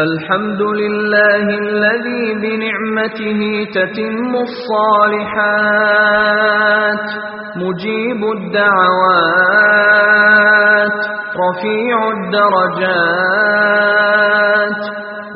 الحمد لله الذي بنعمته تتم الصالحات مجيب الدعوات رفيع الدرجات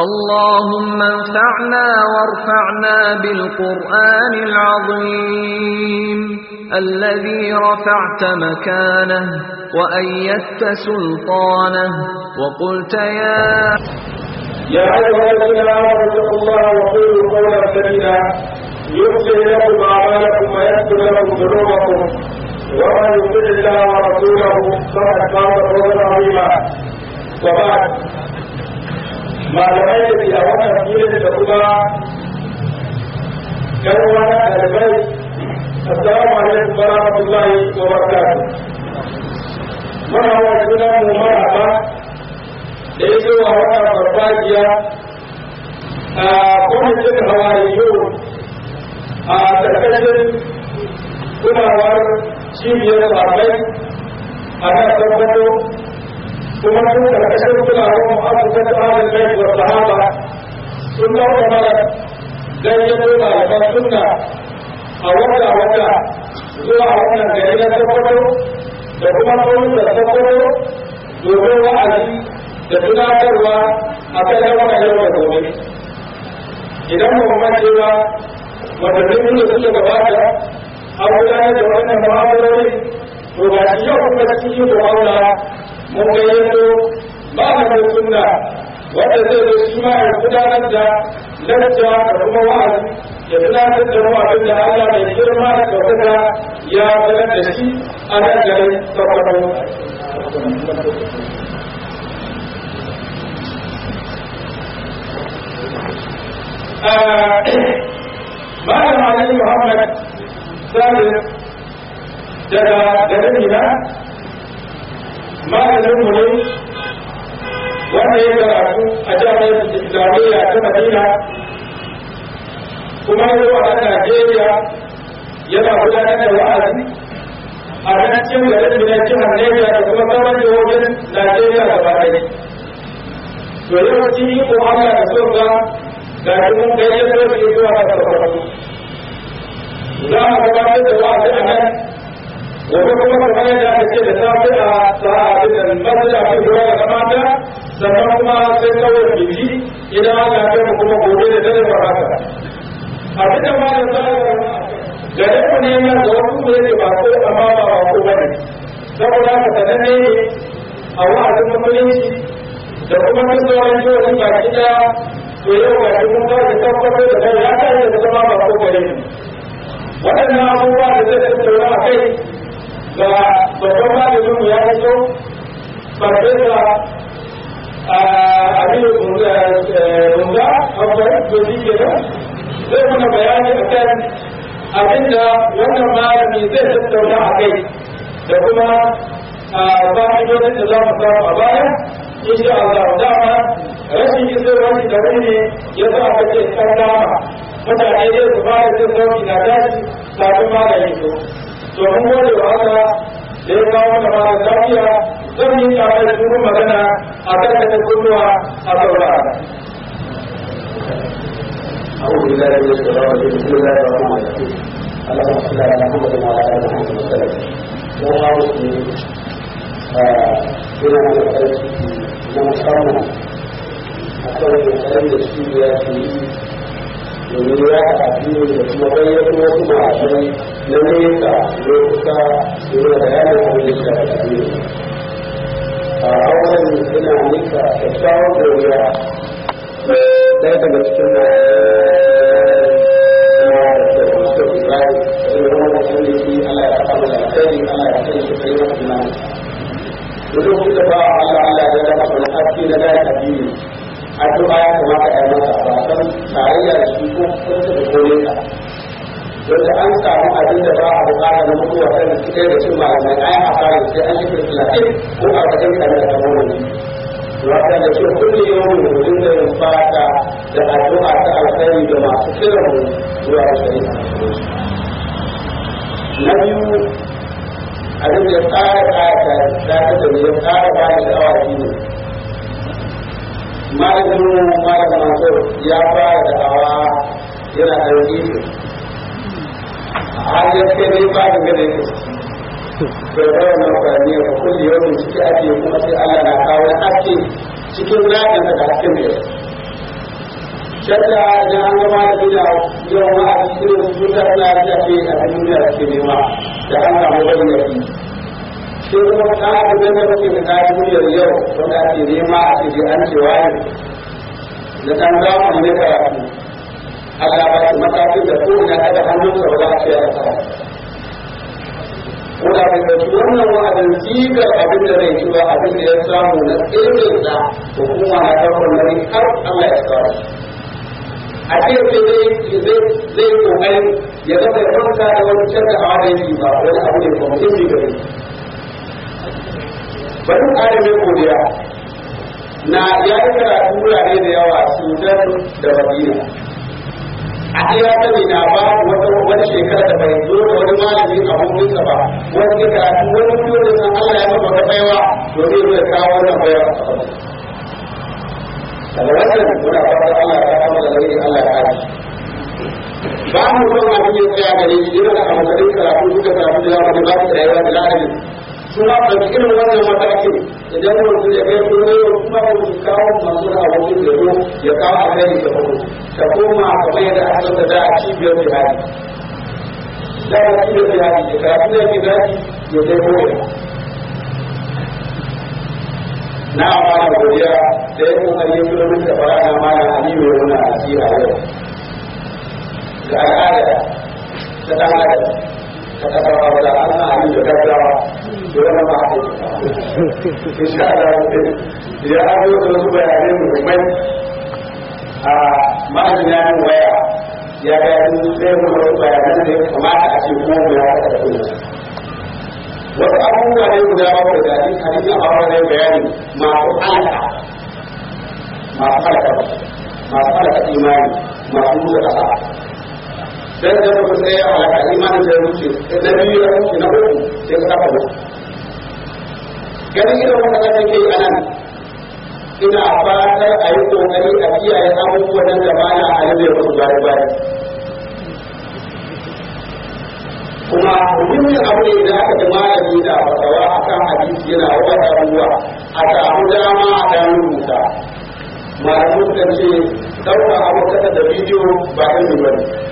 اللهم انفعنا وارفعنا بالقرآن العظيم الذي رفعت مكانه وأيدت سلطانه وقلت يا يا أيها الذين آمنوا اتقوا الله وقولوا قولا سديدا يغفر لكم أعمالكم ويغفر لكم ذنوبكم ومن يطع الله ورسوله فقد فاز فوزا عظيما وبعد malamai da ke a wannan filin da kuma yan uwana ɗalibai assalamu alaikum wa rahmatullahi muna wa juna mu maraba da ya zo a wannan farfajiya a kwamitin hawaiyo a ƙarƙashin kulawar cibiyar sabai a nan tabbato ثم كنت أشرف الأعوام أفضل أهل البيت والصحابة ثم أمرت لن يكون لما سنة a wata-wata zuwa wannan gari na tabbato da kuma kawun da tabbato domin wa'azi da tunatarwa a kan yawan yau da gobe idan ba kuma cewa wanda duk da suke gabata an gudanar da da mun gayyato malamin sunna wanda zai shi ma ya gudanar da lacca da kuma wa'azi ya gudanar da mu da Allah mai girma da ya da shi a nan ah, Malam Ali Muhammad Salim daga garin malamin mu ne wanda ya karatu a jami'ar islamiyya ta madina kuma ya zo a najeriya yana gudanar da wa'azi a nan cin garin mu na najeriya da kuma kamar da wajen najeriya da baɗai to yawanci iko allah da so ga ga shi gayyar da zuwa ga farfaɗo za a gabatar da wa'azi a nan gobe kuma kamar yadda aka ce da safe a sa'a da masala a ruwa sannan kuma sai kawai biki idan aka kai kuma gobe da dare ba haka abin da malam da wasu da ba ko amma ba ba ko saboda haka ne a da kuma duk sauran jihohin to yau tabbatar da kai ya kai da zama ba ko waɗannan abubuwa da zai tattauna a kai da babban malamin ya fito farfesa abin da runga babbar domin kenan zai muna bayani a kan abin wannan malami zai tattauna a kai da kuma fa'idodin da za mu samu a baya insha Allah dama rashin iso wani da ne ya sa aka ce tsaddama mutane zai su fara jin sauki na tashi kafin magani to mun gode wa Allah da ya kawo da mara lafiya zan yi tare da kuma magana a kan da kulluwa a saurara أعوذ بالله من الشيطان الرجيم بسم الله الرحمن الرحيم اللهم صل على محمد وعلى آل محمد وسلم وعلى مسلمين إلى أن نقل نمسرنا أقول بخير السوريات domin ya haɗa biyu da kuma gayyato wasu malamai na nesa lokuta yana da yana abin da suka haɗa biyu a hawan ina nika kyakkyawar godiya ɗaya daga cikin Duk da ba Allah Allah ya daga abin haske na da addini addu'a ya kamata a yi mata san tarayya da shi ko kusa da kore ka wanda an samu abin da ba a bukata na mutuwa kan cikin da cin malamai ai a fara sai an yi kirkilatin ko a kaɗin kan da kamar wani wata da ke kulle yawon mutum da yin fata da addu'a ta alkhairi da masu kiran mu zuwa da shari'a na biyu abin da ya tsara kayata ta ta da ya ta ba ta ta shi ne malamin malam mansur ya fara da hawa yana da rikici har ya kai dai ba da gane ka bai kawai na kwanne ba kulle yau ciki ake kuma sai allah na kawo na ake cikin rajin da hasken da yau shakka da an ga malami na yawan su ta suna rikici a duniya da ke nema da an samu bayyana sai kuma ta ake da kake da kayan muryar yau ake nema a cikin an cewa ne da ɗan zamani na karatu Allah ba su matakin da ko ina kada hannunsa ba a ce ya tsara. Kuna da ɗauki wannan wa'adin sigar abin da zai shiga abin da ya samu na tsirinsa ko kuma na ɗaukar nari har Allah ya tsara. A ce sai zai kokarin ya zama ya kwanta da wani canza a wani ba wani abu ne kuma mutum ne gare bari ƙari mai godiya na ya yi karatu wurare da yawa sudan da madina a iya sani na ba wani shekara da bai zo da wani malami a hukunsa ba wani karatu wani biyo da san Allah ya maka wata baiwa to zai kawo wannan baiwa daga wannan muna fata Allah ya kawo da zai Allah ya kawo ba mu son abin ya tsaya gare shi yana da abokan karatu suka karatu da yawa da ba su da da la'ayi suna ɗauki irin wannan matakin idan mutum ya kai kuma yau kuma mutum kawo masu na wajen da ko ya kawo a kai da ko ta koma kamar yadda aka sanda da a cibiyar jihadi da a cibiyar jihadi ya karatu da jihadi ya kai koya na amana godiya da ya kokari ya zuwa da fara na mana aliyu ya wani asira yau da al'ada da ɗan adam ya ga yi sai mu rubu bayanan da ya kamata a ce ko mu ya ta ko wasu abubuwa ne mu dawo da dadi hadisi a wani bayani ma ko alaka ma falaka ma falaka imani ma ko da ta sai da ka tsaya a halaka imanin da ya wuce na biyu ya wuce na uku sai ka kafa wuce ganin irin wanda ka take yi anan ina fatar a yi kokari a kiyaye abubuwan nan da bana a yi da wasu bayan bayan kuma muhimmin abu ne da aka ji malami da fasawa kan hadisi yana wata ruwa a samu dama a dan rubuta malamin kan ce ɗaura abu da bidiyo ba ɗan ba ne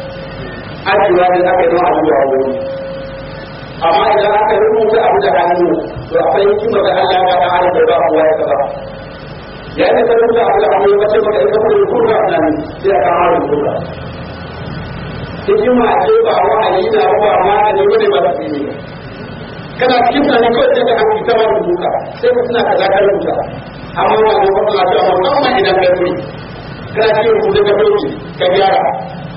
hajjiwa da aka yi ma'a zuwa wuri amma idan aka rubuta abu da hannu to akwai hikima da Allah ya ba da ba kowa ya saba yayin da rubuta abu da hannu wace maka ita ko kurra nan sai ka hawo kurra hikima ce ba wa'ayi na ba ma ne bane ba ne kana cikin tunani kawai sai ka hanki ta wani rubuta sai ka tuna kaza ka rubuta amma wannan ba kuma ta amma idan ka rubuta kana cikin rubuta ka rubuta ka gyara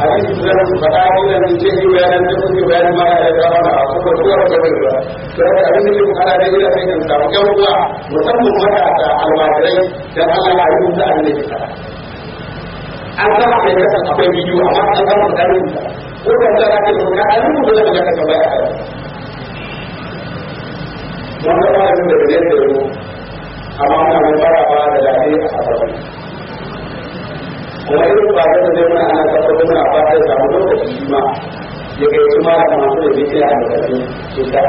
hadisi su zai su faɗa ina sun ce yi bayanan da kuke ma ya da wani a kuma da bai ba abin da ke bukata da sai kan samu yan uwa musamman matasa almajirai da Allah ya da an mai kasan akwai amma an da ko da an da ka baya ba da da ne da da a kuma irin ba da zai ana kasa muna a fata samu lokaci shi ma ya kai su mara masu da bikin a lokacin su ta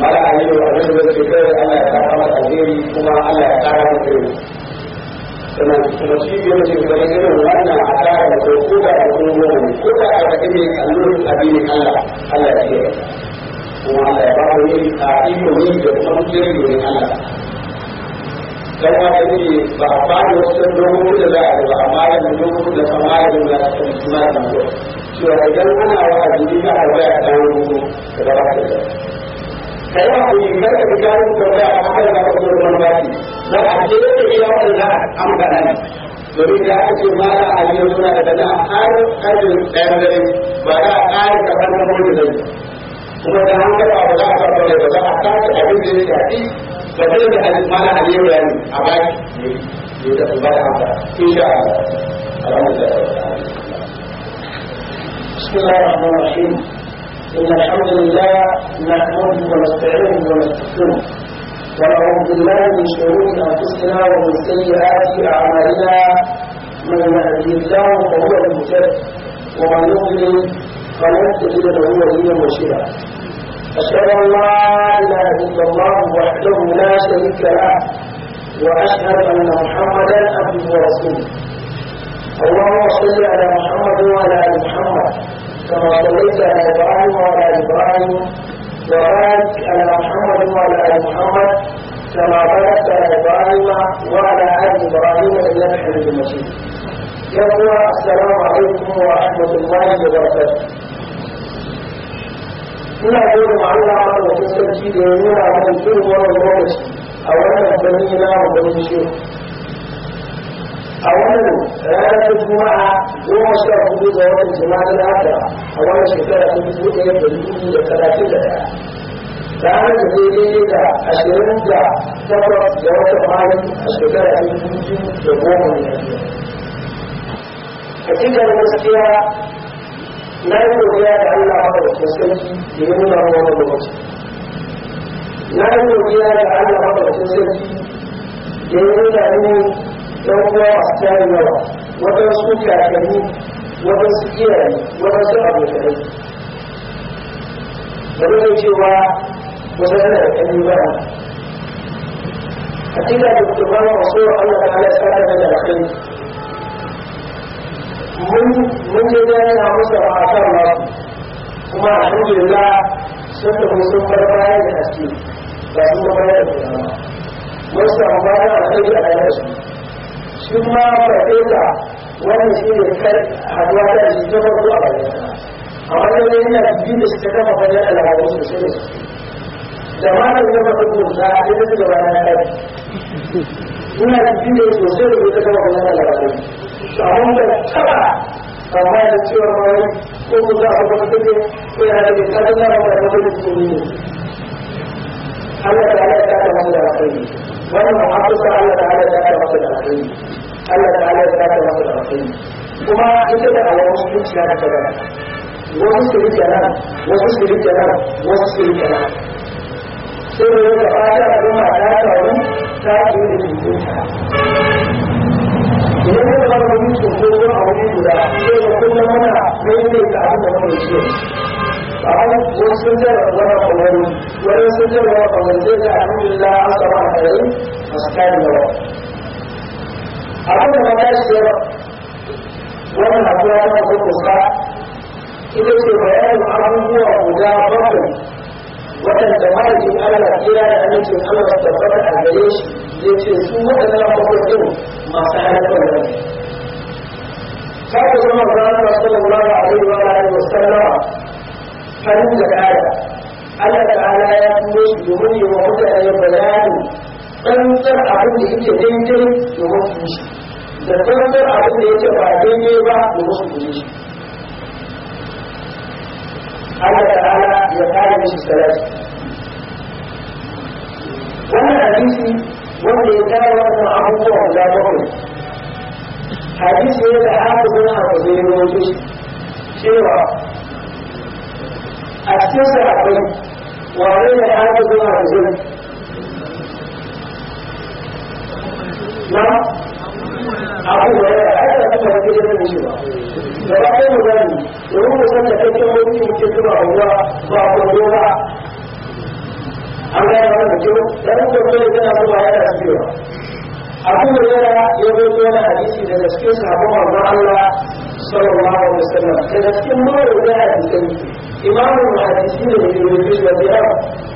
mara aliyu a zai zai kai Allah ya kara mata alheri kuma Allah ya kara mata alheri sannan kuma shi biyu mace kuma irin wannan a kara da ko da a kuma goma ne ko da a kaɗi ne a nuna Allah Allah ya ke kuma Allah ya ba mu yi a iko ne da kuma mutum ne Allah dan wanda yake ba a bani wasu dokoki da za a yi ba amma yanzu dokoki da kama ya zama da kan suna da mutu cewa idan ana wa'azi ni ka harba ya kawo rubu da ba ka da ka yi hakuri kar ka fi kawo ka ba a kan da ka zo da baki za a je da iya wanda amka nan domin da aka ce ma za a yi suna daga dana har kajin ɗayan dare ba za a ƙara kamar na mutu da kuma da hankali ba za a karɓar da ba za a kasa abin da ya shafi فكيف حديث مالا عليه يعني أباك يوجد بعد عمدا إن شاء الله الحمد لله بسم الله الرحمن الرحيم إن الحمد لله نحمده ونستعينه ونستغفره ونعوذ بالله من شرور أنفسنا ومن سيئات أعمالنا من يهدي الله فهو المهتد ومن يضلل فلن تجد له وليا مرشدا أشهد أن لا إله إلا الله وحده لا شريك له وأشهد أن محمدا عبده ورسوله اللهم صل على محمد وعلى آل محمد كما صليت على إبراهيم وعلى آل إبراهيم وبارك على محمد وعلى آل محمد كما باركت على إبراهيم وعلى آل إبراهيم إنك حميد مجيد يقول السلام عليكم ورحمة الله وبركاته ina gode ma Allah ma da kusanci da ya nuna mun da wannan lokaci a wannan gani na mu shi a wannan ranar juma'a goma sha hudu ga watan jima'a da haka a wannan shekara ta dubu ɗaya da dubu da talatin da ɗaya ranar da daidai da ashirin da takwas ga watan mayu a shekara ta biyu da goma ne a cikin gaskiya na yi godiya da Allah maɗaukakin sarki da ya nuna mu wannan lokaci na yi godiya da Allah maɗaukakin sarki da ya nuna mu ɗan uwa masu tarin yawa waɗansu kakanni waɗansu iyaye waɗansu abokanai da zai cewa kusa yana da kalli ba a cikin da kuma wasu Allah ta halaye tsara da alkhairi mun je da yana musu a kan wasu kuma alhamdulillah sun tafi sun bar bayan da haske ba su ba bayan da ba mun samu bayan a kai da ayar su shi ma farfesa wannan shi ne kai haduwa da shi ta farko a bayan ta a wannan ne yana biyu da shi ta kama bayan al'adu sosai da sosai da malam ya faɗi gumsa a ɗaya da gaba na kai ina biyu da sosai da ta kama bayan al'adu sahun da taba amma da cewa mawai ko ku za a kuma take ko yana da ta zama da wani mutum ne Allah ta ala ta ta da alheri wannan muhabbata Allah ta ala ta ta da alheri Allah ta ala ta ta da alheri kuma ita da Allah musulunci ya ta gaba wasu su rike wasu su rike wasu su rike nan sai da yau da fata ta taru ta yi da ta. idan ka zama da mutum ko ko a wani guda sai da kullum mana daidai da abin da muke so a wani wasu sun da wani kwamari wani sun ce da wani kwamari zai ga alhamdulillah an samu a kare a tsakanin da wani abin da mata shi yau wannan na kula da wani kusa ita ce bayanin abubuwa guda bakwai waɗanda mahaifin Allah kira da amincin Allah tabbata a gare shi ya ce su waɗannan abubuwan yau masu haifar da Sake zama zana sallallahu alaihi wa alihi wa sallama farin da kaya Allah ta'ala ya tuno shi domin yi wa mutane bayani tsantsar abin da yake daidai domin su shi da tsantsar abin da yake ba daidai ba domin su guje shi Allah ta'ala ya kare mishi salati wannan hadisi wanda ya tara wannan abubuwa guda bakwai hadisi ne da aka zo na waje ne cewa a cikin sahabbai wane ne aka zo na waje na abu da aka zo na waje ne cewa da ba kai mu gani domin mu san kai kan wani mutum ba a ba a an gane wani da kyau dan da kuma yana zuwa yana cirewa abu da yana ya zo yana hadisi da gaske sahabban manzon Allah sallallahu alaihi wasallam da gaske mun da hadisi imamu hadisi ne da yake da biya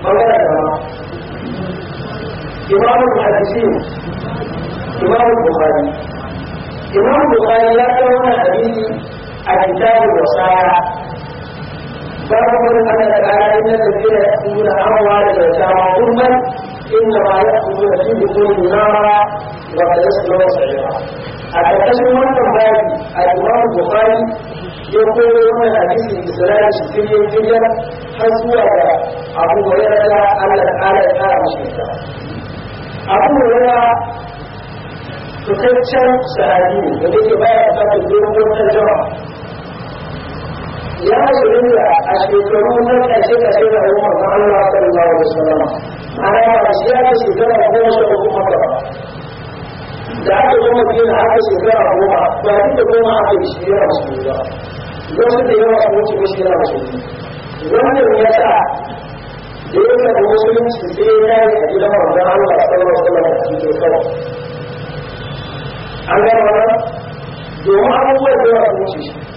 magana da ma imamu hadisi imamu bukhari imamu bukhari ya kawo wannan hadisi a kitabul wasaya باب من أن الآيين الذين يأخذون أموال اليتامى ظلما إنما يأخذون في بطونهم نارا وسيصلون سعيرا أتكلم عن الباب الإمام البخاري يقول يوم الحديث بسلالة سرية جدا حسوا أبو هريرة على الآلة الآلة مشركة أبو هريرة fitaccen sahabi da yake baya bukatar dogon jama'a ya shirinta a shekaru na ƙarshe ƙarshe da umar na Allah sallallahu alaihi wasallam ana ba shi ya ce shekara goma sha uku maka ba da aka zo madina aka shekara goma ba duk da goma aka yi shi yana su ba wasu da yawa sun wuce mishi yana su wannan ya sa da ya karɓi musulunci sai ya yi a gidan manzon Allah sallallahu alaihi a cikin kawai an gano domin abubuwan da yawa sun wuce shi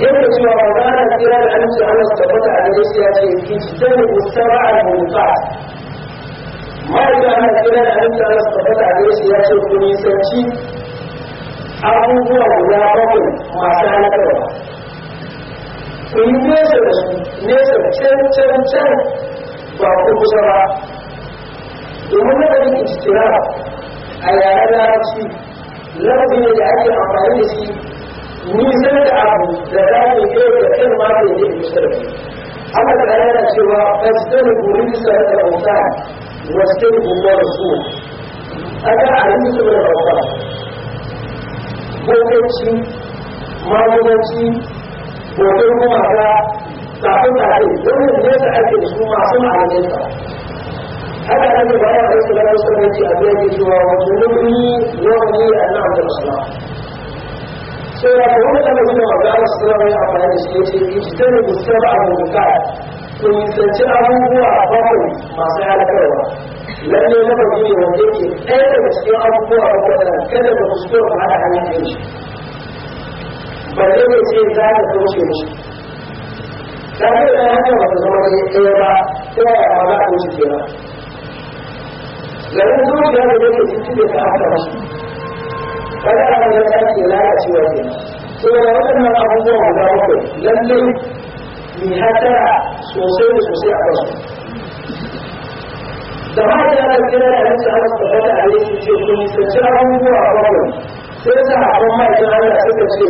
yadda cewa magana kira da amince Allah su tabbata a gare shi ya ce ijtani usaba al munfa ma'aikata Allah kira da amince Allah su tabbata a gare shi ya ce ku nisanci abubuwa guda bakwai masu halakarwa ku yi nesa da su nesa can can can ba ku kusa ba domin na ɗari ijtira a yaren larabci lafazi ne da ake amfani da shi nisan da abu da za mu yi da kan ma da yake musulmi Allah ta yana cewa fasdin gurin sa da auta wasdin gurin su aka alim su da auta gogaci magudanci gogar gumaka kafin tare wannan ne da ake su masu ma'aninsa haka ake bayan da su da wasu ne a biyar cewa wasu ne wani ne a nan da musulmi saboda ka wani ɗan abin da maza a wasu zama ya amfani da shi ya ce ijtani musar amurka ku nisanci abubuwa a bakwai masu halakarwa lalle na babu ne wanda yake ɗaya daga cikin abubuwa a waɗanda kada ka kuskura ku haɗa hannun da shi balle ne ce za ka kauce mishi ta ce ɗaya hanyar ba ta zama ɗaya ba ta yaya ma za ka wuce kenan garin zuciya da yake cikin da ta haka mashi kada ana da aiki lalacewa ke saboda waɗannan abubuwan guda bakwai lalle mai hatara sosai da sosai a kansu da ma ta yana kira da yanzu ana tabbata a yanzu ce kun nisanci abubuwa a bakwai sai ta haɓar ma'aikin Allah suka ce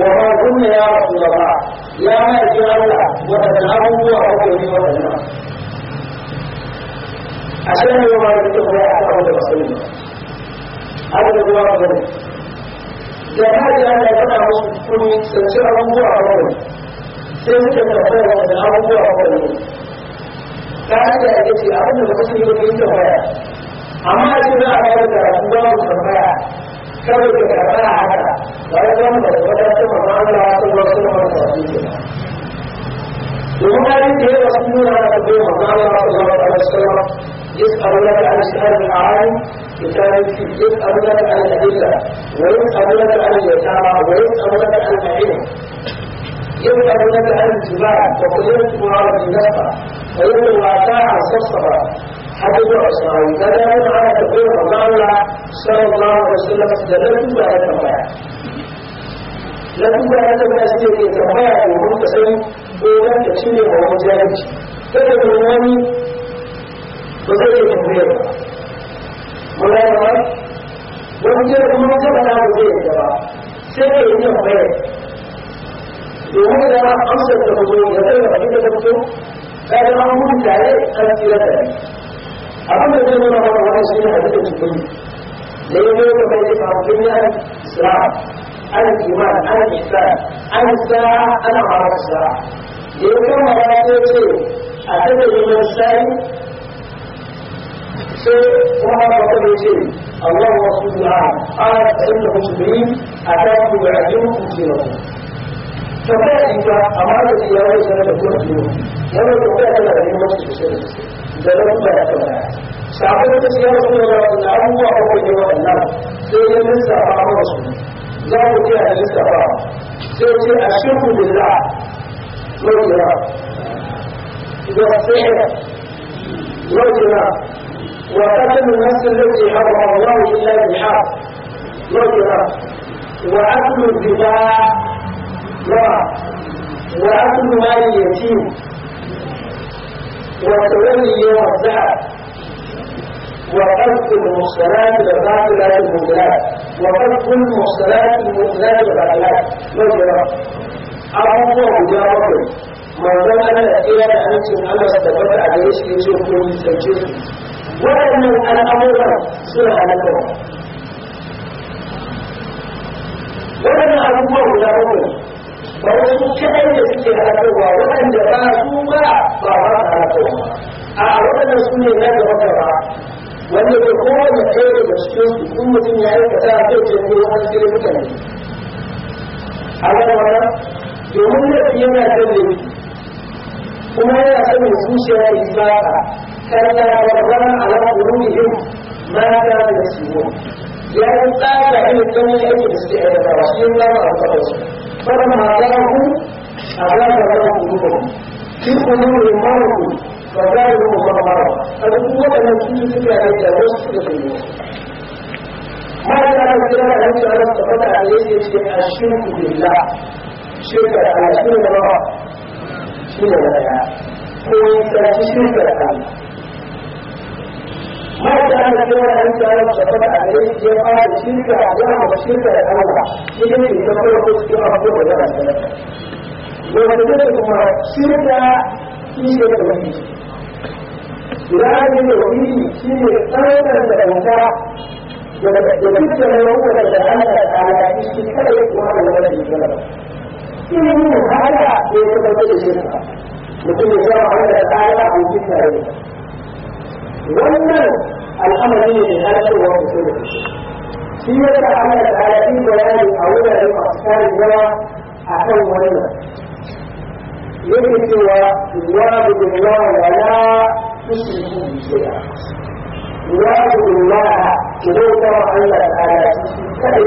wa ma gunna ya rasu da ba ya ma'aikin Allah waɗannan abubuwa a bakwai ne waɗannan a shanewa ma da duka kuma ya haɗa wanda ba sani ne. har da ruwa a gari da hajiya ta musu kuri da ci abubuwa a gari sai suka tambaya da abubuwa a gari ta hajiya ya ce abin da mutum yau wani ta waya amma a ce za a bayar da ruwa mu tambaya kawai da karɓa a haka ba ya zama da wadatar mamala sun wasu na su ke ba وهناك يرسلون على قبول الله صلى الله عليه وسلم يسألونك عن شهر العالم بكارنتي يسألونك عن الأدلة ويسألونك عن اليتامى ويسألونك عن العلم يسألونك عن الجماع وقل يكتبها بالنفع فإن الواقع صفصفا حدث عشراوي كذا على تقول الله صلى الله عليه وسلم لم تبقى تبقى لم تبقى تبقى سيري تبقى وهم تسلم وهم تشيل وهم جاهز كذا بالنواني وزي تنبيه ولا يرى ومجرد ما كان هذا زي الجواب سيدي إنه غير وهذا أمس التفضل يدل على التفضل هذا أمر عليه أسئلة أقول لك أنا ما أعرف شيء هذا التفضل لأنه يتبين عن الدنيا الإسلام أنا الإيمان أنا الإحسان أنا الساعة أنا عرف الساعة لأنه ما يعرف شيء أعتقد من السائل ṣé wọ́n máa sọ pé ṣe àwọn ọmọ ṣùgbọ́n náà ara ẹ̀yìn lọ́wọ́ ṣùgbọ́n àtàkùn ìgbàlá tó kù sí lọ. Tọ́pẹ́ ìgbà àwọn àgbẹ̀ ìyàwó ìṣẹ̀lẹ̀ lọ́gbọ́n sí lọ. Wọ́n lọ tọ́pẹ́ ìṣẹ̀lẹ̀ ní wọ́n sì ṣẹlẹ̀ sí. Ìjọba ń bá ẹ̀kọ́ náà. Sàbẹ̀ tó ṣe yẹ́wọ́ fún ọ̀rọ̀ ìlà àbúgbọ̀ ọkọ̀ ìjọba ìlà. Ṣé àwọn ọ̀sùn? Láwọn Ìjọba ṣe é lórí rà. وقتل النفس التي حرم الله إلا بالحق نظرة وأكل الربا نظرة وأكل مال اليتيم وتولي يوم الزحف وقذف المحصنات والغافلات المؤمنات وقذف المحصنات المؤمنات والغافلات نظرة أعطوا بجارة ما دام أنا إلى أنت أنتم أنا استفدت على إيش يجب أن تسجلوا waɗannan al'amuran suna halakarwa waɗannan abubuwan guda uku ba wasu kaɗai da suke halakarwa waɗanda ba su ba ba ba halakarwa a waɗannan su ne na gaba gaba wanda ke kowane ɗaya daga cikin su in mutum ya yi kasa zai ce ne wani sai mutane a wani wani domin da yana kan kuma yana sanin zuciya ya yi ba كلا والرمى على قلوبهم ما كانوا يكسبون يعني قال علم الدنيا أي الاستعادة رسول الله أرسله فلما جاءهم أعلم لهم قلوبهم في قلوبهم مرض فزادهم الله مرض فالقوة التي تلك عليك وصف ما كان الكلام الذي أنا استفدت عليه الشرك بالله شرك على شرك الله شرك الله هو يسأل شرك الله Ilimin da ta hada da ya kuma da shirka, mutum ya zama wanda ta hada a cikin tare. wannan al'amari ne mai halarwa sosai da sosai shi ya sa Allah ta yi bayani a wuraren masu tarin yawa a kan wannan yake cewa wa bidullah wa la tushriku bi shay'a wa bidullah da bauta wa Allah ta'ala shi kai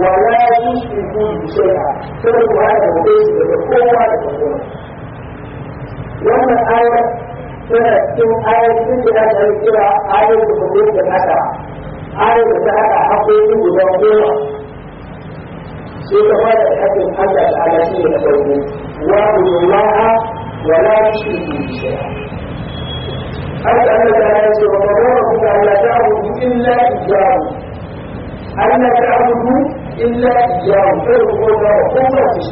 wa la bi shay'a sai ku hada da kowa da kowa wannan ayar cikin ayoyin da za yi cewa ayoyin da kuma da haka ayoyin da haka haƙoƙin guda goma sai ka fara da haƙin da ala shi na farko wa ullaha wa la tushriku bihi shay'a haka ta yi cewa wa rabbuka alla ta'budu illa iyyahu alla ta'budu illa iyyahu kai ko da ko ba shi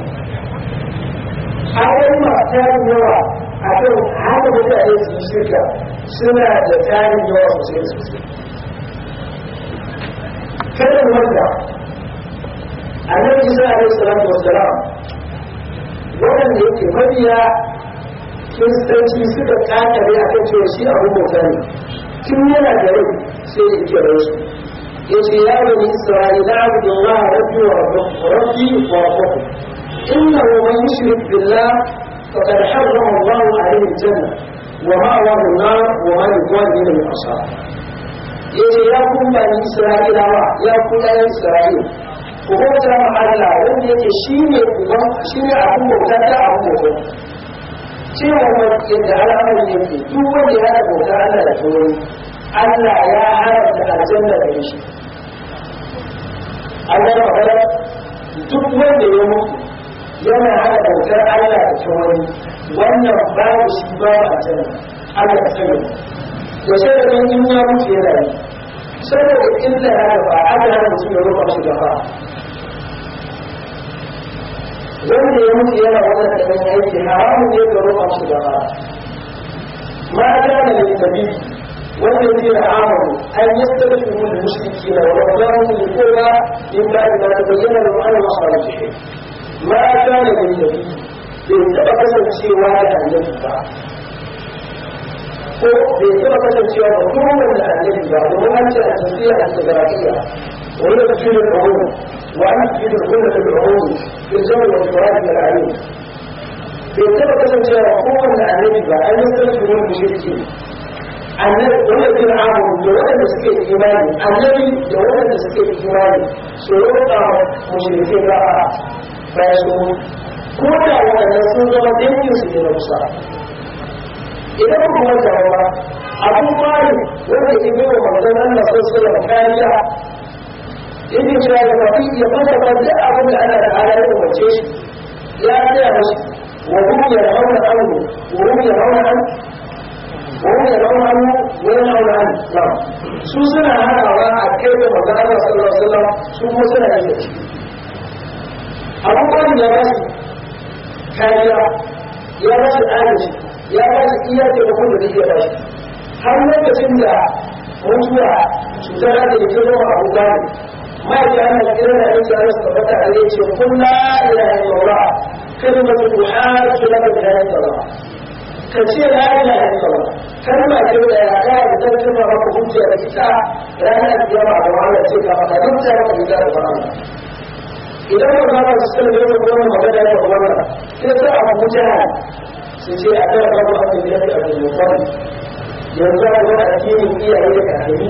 ayoyin masu yawa a kan haka mutane su yi shirka suna da tarin yawa sosai sosai kada wanda annabi isa alaihi salatu wassalam wannan da yake mabiya kiristanci suka kakare a kan cewa shi abu bauta ne tun yana da rai sai ya ke rai su ya ce ya bani isra'ila abudun wa rabbi wa rabbi wa rabbi wa rabbi inna wa man yushrik billah فقد حرم الله عليه الجنة وما وراء النار وما يكون من الأصحاب يجي يا كل بني إسرائيل يا كل إسرائيل كوكا مالا وين يجي شيني كوكا شيني أبو بوكا يا أبو بوكا شيني أبو بوكا يا أبو بوكا يا أبو بوكا يا أبو بوكا يا أبو بوكا ألا يا عرب الجنة بيشي ألا يا عرب الجنة بيشي yana hada bautar Allah da ta wani wannan babu shi ba a tana Allah ta sani to sai da kan in ya mutu yana yi saboda illa haka ba a ga mutum ya rufa shi gaba wanda ya mutu yana wannan da kan aiki haramun ne ga rufa shi gaba ma ga da ne والذين آمنوا أن يستغفروا للمشركين ولو كانوا من قرى إلا إذا تبين لهم أنهم صالحين ma kana min nabi bai taɓa kasancewa da annabi ba ko bai taɓa kasancewa da kowane annabi ba domin an ce a tafiya a tafiya وهي تفسير العموم وأن تفيد الجملة بالعموم في الجمل والمراد والعليم بيتبقى كسم شيء رقوقا لأنني بقى أن يستثمرون بشركين annabi wanda zai amu da waɗanda suke imani annabi da waɗanda suke imani su roƙa mushrike ba a bayan sun mutu ko da waɗannan sun zama dangin su ne na kusa idan ku manta ba abin bayan wanda ya bai wa manzon Allah na su da kariya yake cewa da faɗi ya fata ba duk abin da ana da halayen umarce shi ya tsaya musu wa hum yarhauna anhu wa hum yarhauna anhu وهم يرون عنه وينهون عنه نعم سوسنا هذا على كيف مدار صلى الله عليه وسلم سوسنا abubuwan ya ba su kariya ya ba su agaji ya ba su iya taimakon da zai iya ba shi har lokacin da mutuwa cutar da ya ke zama abu gani ma'aikata ana kira da ake ya su tabbata a zai ce kunna ila yin maura kalmatu muhajju na kan kayan tsara ka ce la ila yin maura kalma ce da ya kaya da tattama maka hujja da ita ranar kiyama da wahala ce ka faɗa duk da maka hujja da wahala idan ba za su sanar da yau kuma magana da wannan sai sai a Abuja sai sai a kan rabu a kan yadda a cikin kwani yanzu a wani addinin iyaye da kakanni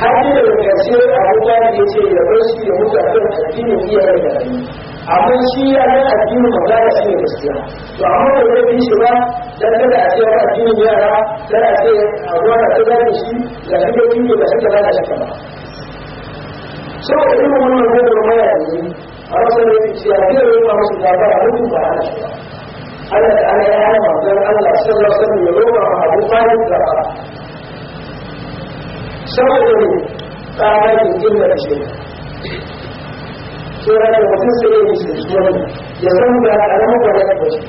har yi da karshe Abuja da ya ce ya bar shi ya mutu a kan addinin da amma shi ya nan addinin magana shi ne gaskiya to amma da ya shi ba dan kada a ce wa yara kada a ce a gwada ta gane shi da kinke ba da shi sau da irin wannan gudun maya ne a wasu da yake cewa biyar yi ma wasu gaba a hukun ba ana shi ana da ana yana magana allah sallallahu alaihi ya roba ma abu bayan gaba saboda ne tsara ke gina da shi sai rana mutum sai ya yi shi shi wani ya san da alamun da ya kwace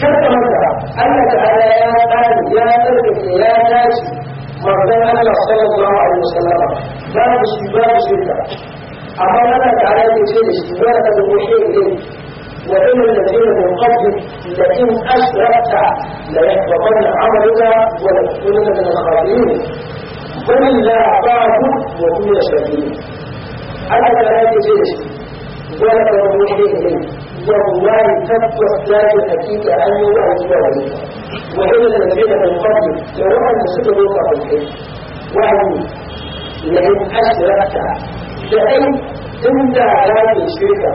kada maka allah ta ala ya tsari ya tsarkake ya tashi manzon Allah sallallahu alaihi wasallam babu shi babu shirka amma Allah ta'ala yake ce da shi wala ta ruhi ne wa in alladhina min qablik la in ashrakta la yahbatanna 'amaluka wa la takunanna min al-khasirin qul la ba'du wa huwa shahid Allah ta'ala yake ce da shi wala ta ruhi ne والله فتوى الساعة الحقيقة أن يوضع الجوال وهي الذين من قبل يروح المسجد يوقع الحين وعني لئن أشركت لأي إنت على الشركة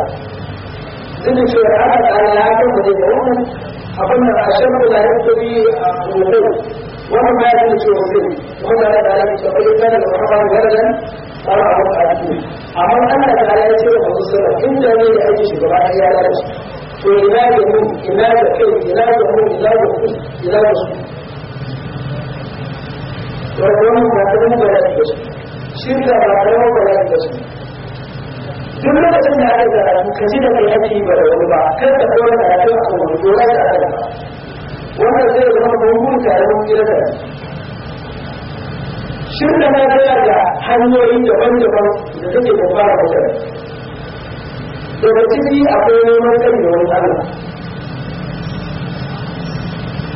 ذل شرعات على العالم وليوم أقول أشرك لا يبتدي الوقوع وما يدل شرعين وما لا يدل شرعين كان الرحمن ولدا an abu a amma Allah ta ya ce wa manzo sallallahu alaihi wasallam in da ake shugaba to ina da mu ina da kai ina da mu ina da ku ina da su wannan ba ta da su shi da ba ta mu ba da su duk lokacin da aka da ka ji da kai ake ba da wani ba kar ka dora da kai a kan wani da aka da wannan zai zama gungun tare mun kira da shirka na tana da hanyoyi daban-daban da take gobara wata da daga ciki akwai neman tsari da wani allah